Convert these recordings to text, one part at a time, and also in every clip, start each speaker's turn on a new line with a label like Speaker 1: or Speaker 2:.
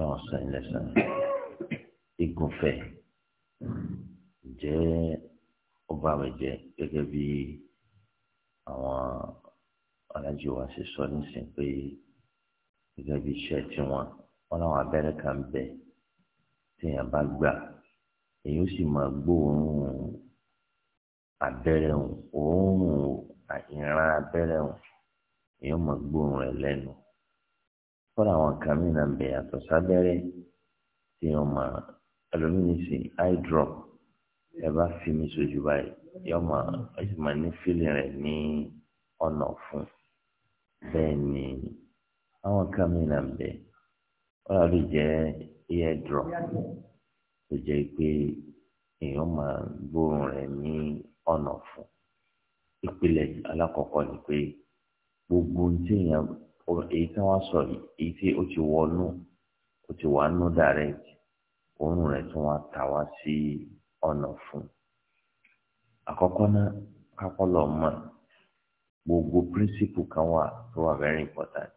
Speaker 1: ọ̀rọ̀ sàn lẹ́sàn igunfẹ́ jẹ́ ọba àwẹ̀jẹ gẹ́gẹ́ bí àwọn alájọ wa ṣe sọ nísìnyí pé gẹ́gẹ́ bí iṣẹ́ tí wọ́n wọ́n láwọn abẹ́rẹ́ kan bẹ̀ téèyàn bá gbà èyí ó sì máa gbóòórùn abẹ́rẹ́ òórùn ìran abẹ́rẹ́ òun èyí máa gbóòórùn rẹ̀ lẹ́nu fọ́nà àwọn kan mí nà bẹ̀ yàtọ̀ sábẹ́rẹ́ tí wọ́n mọ ẹlòmínísì eye drop ẹ bá fi mi sojú báyìí yọ mọ ẹ ní fílì rẹ ní ọ̀nà fún bẹ́ẹ̀ ni àwọn kan mí nà bẹ̀ fọ́nà lè jẹ́ ear drop tó jẹ́ pé èèyàn máa gbóòórùn rẹ ní ọ̀nà fún ìpìlẹ̀ alákọ̀ọ́kọ́ ni pé gbogbo ohun tí èèyàn. èyí tí wọ́n sọ èyí tí ó ti wọnú ó ti wà nú direct òórùn rẹ tí wọ́n ta wá sí ọ̀nà fún. àkọ́kọ́ náà kápọ́lọ̀ mọ̀ gbogbo principle kan wà tó wà very important.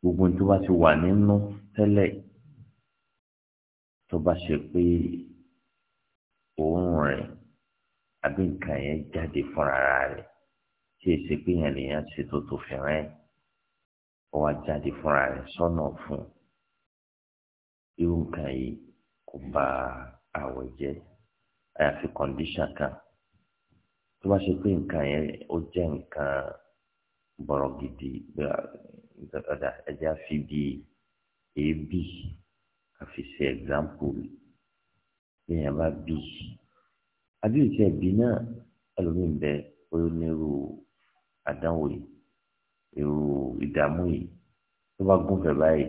Speaker 1: gbogbo tó bá ti wà nínú tẹlẹ tó bá ṣe pé òórùn rẹ àbí nǹkan yẹn jáde fúnra rẹ̀ tí èsì pé yẹn lèèyàn ṣe tó tó fẹ́rẹ́ ọ wá jáde fúnra rẹ̀ sọ́nà fún irú nǹkan yìí kò bá àwọ̀ jẹ́ àyàfi kọ́ndíṣàn kan tó bá ṣe pé nǹkan yẹn ó jẹ́ nǹkan bọ̀rọ̀ gidi ọ̀dà ẹja fi èébì àfi ṣe ẹ̀gbáǹpù lèèyàn bá bí àbí ìṣe ẹ̀bí náà ẹlòmíín bẹ́ẹ̀ ó nírú àdánwò yìí èrò ìdààmú yìí tó bá gúnfẹ̀ báyìí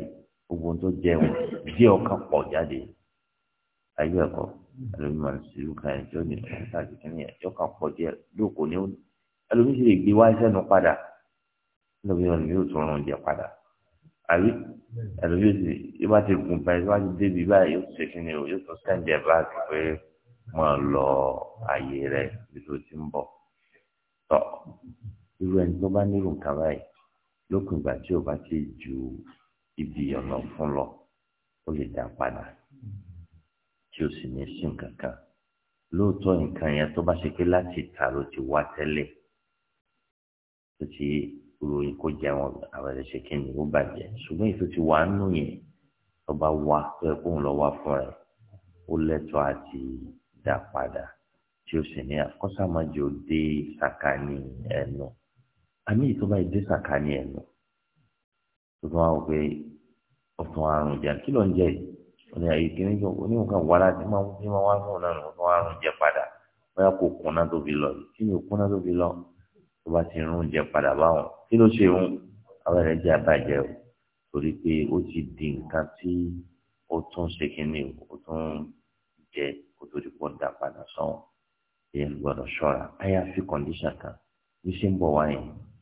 Speaker 1: gbogbo ohun tó jẹun díẹ̀ ọkàn pọ̀ jáde ayé ẹ̀kọ́ ẹlòmíì máa ń sèlú kan ẹ̀ tó ní ẹ̀ka kìkìnní ẹ̀ yọ kàn pọ̀ díẹ̀ lóko ní ẹlòmíì sì lè gbé wá sẹ́nu padà ẹlòmíì ọ̀nà yóò tún rún jẹ padà àbí ẹlòmíì sì yóò bá ti gùn báyìí yóò bá ti débi báyìí yóò ṣe kí o yóò tún sẹ́ǹdẹ̀ báàgì pé máa lọ ààyè rẹ̀ bí tó ti ń bọ̀ tọ́ irú ẹni tó bá nílò nǹkan báyìí lókun ìgbà tí o bá ti ju ibi ọ̀nà fún lọ o lè dá padà tí o sì ní sí nǹkan kan lóòótọ́ nǹkan yẹn tó bá ṣe pé láti ìta ló ti wá tẹ́lẹ̀ tó ti ròyìn kó jẹ àwọn àbẹ̀rẹ̀ ṣe kí ni ó bàjẹ́ ṣùgbọ́n èso ti wà nù yẹn tó bá wá tó yẹ kó ń lọ wá fún ẹ ó lẹ́tọ̀ọ́ àti dá padà tí o sì ní àkọ́sàmọ́jọ́ dé sàkání ẹnu. Eh, no àmì ìtọ́ba ìdẹ́sà ká ní ẹnu tó tún wá wò pé ọ̀tún àrùn jẹ kí ló ń jẹ yìí wọ́n ní àyè kìíní jọ oníwòkàn wà láti máa ń fi máa wá fún ọ̀nà ọ̀tún àrùn jẹ padà bóyá kò kúnná tó fi lọ kí ni kúnná tó fi lọ tó bá ti rún jẹ padà báwọn kí ló ṣe ń abẹ́rẹ́ jẹ́ àbàjẹ́ o torí pé ó ti di nǹkan tí ó tún ṣe kínní ó tún jẹ kó tó di pọ́ dà padà sọ́wọ́n èèyàn gbọ́dọ̀ ṣọ́ra àyàfi kọ́ndíṣàn kan bí ṣe ń bọ̀ wáyé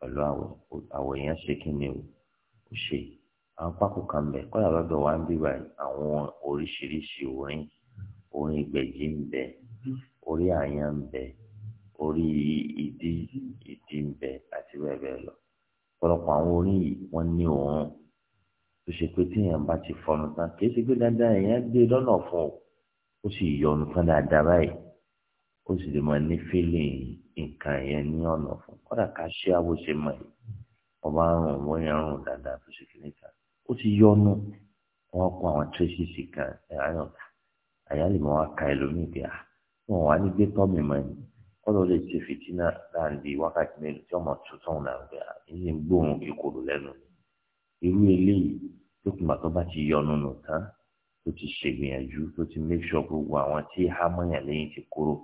Speaker 1: pẹ̀lú àwẹ̀ àwẹ̀ yẹn ṣe kí ni o kò ṣe àwọn pákó kan bẹ kọ́ yàrá bẹ̀ wá ń bí báyìí àwọn oríṣiríṣi orin orin ìgbẹ̀jì ń bẹ orí àyàn ń bẹ orí ìdí ìdí ń bẹ àti bẹ́ẹ̀ bẹ́ẹ̀ lọ ọ̀pọ̀lọpọ̀ àwọn orin yìí wọ́n ní òun tó ṣe pé téèyàn bá ti fọnu tán kì í ṣe pé dáadáa èèyàn gbé lọ́nà fún ó sì yọnu tán dáadáa báyìí ó sì lè máa ní fílì nǹkan yẹn ní ọ̀nà fún kódà ká ṣe àwọ̀ ṣe mọ̀ yìí ọba rùn wọ́nyà rùn dáadáa tó ṣe kìíní kan ó ti yọnu wọn kó àwọn tírẹ́sìsì kan ẹ̀rọ àyálìmọ́ wa ka ẹlòmíì bí a ah, wọn wà ní gbé tọ́mì mọ́ ẹni kọ́dọ̀ lè ṣe fìtínà láǹdí wákàtí mélòó tí ọmọ tuntun náà ń gbé a èyí gbóhùn ìkorò lẹ́nu irú eléyìí lókùnbà tó bá ti yọnu nù tán tó ti ṣègbìyànjú tó ti make sure gbogbo àwọn tí hámọ́yàn lẹ́yìn ti kúrò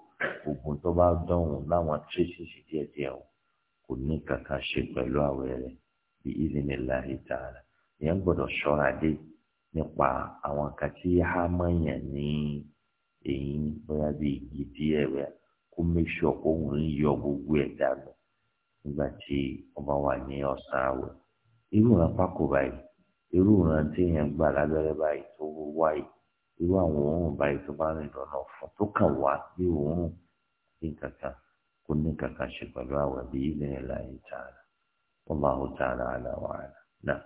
Speaker 1: gbogbo tó bá dánwò láwọn tírísìsì díẹ̀díẹ̀ o kò ní kankan ṣe pẹ̀lú àwẹ̀ rẹ̀ bí iznillahi ta'ala ìyẹn gbọ́dọ̀ ṣọ́ra dé nípa àwọn kan tí ní èyí bóyá bí igi kó make sure kó ń yọ gbogbo dànù nígbà tí ọba wà ní irú ìrànpá kò irú ìrántí yẹn gbà lábẹ́rẹ́ báyìí tó wá yìí irú àwọn òórùn báyìí tó bá rìn lọ́nà fún tó kàn wá bí òórùn ní kankan kó ní kankan ṣe pẹ̀lú àwẹ̀ bí ilé ẹ̀ láyé tààrà wọ́n bá hó tààrà àlàwọ̀ àlà náà.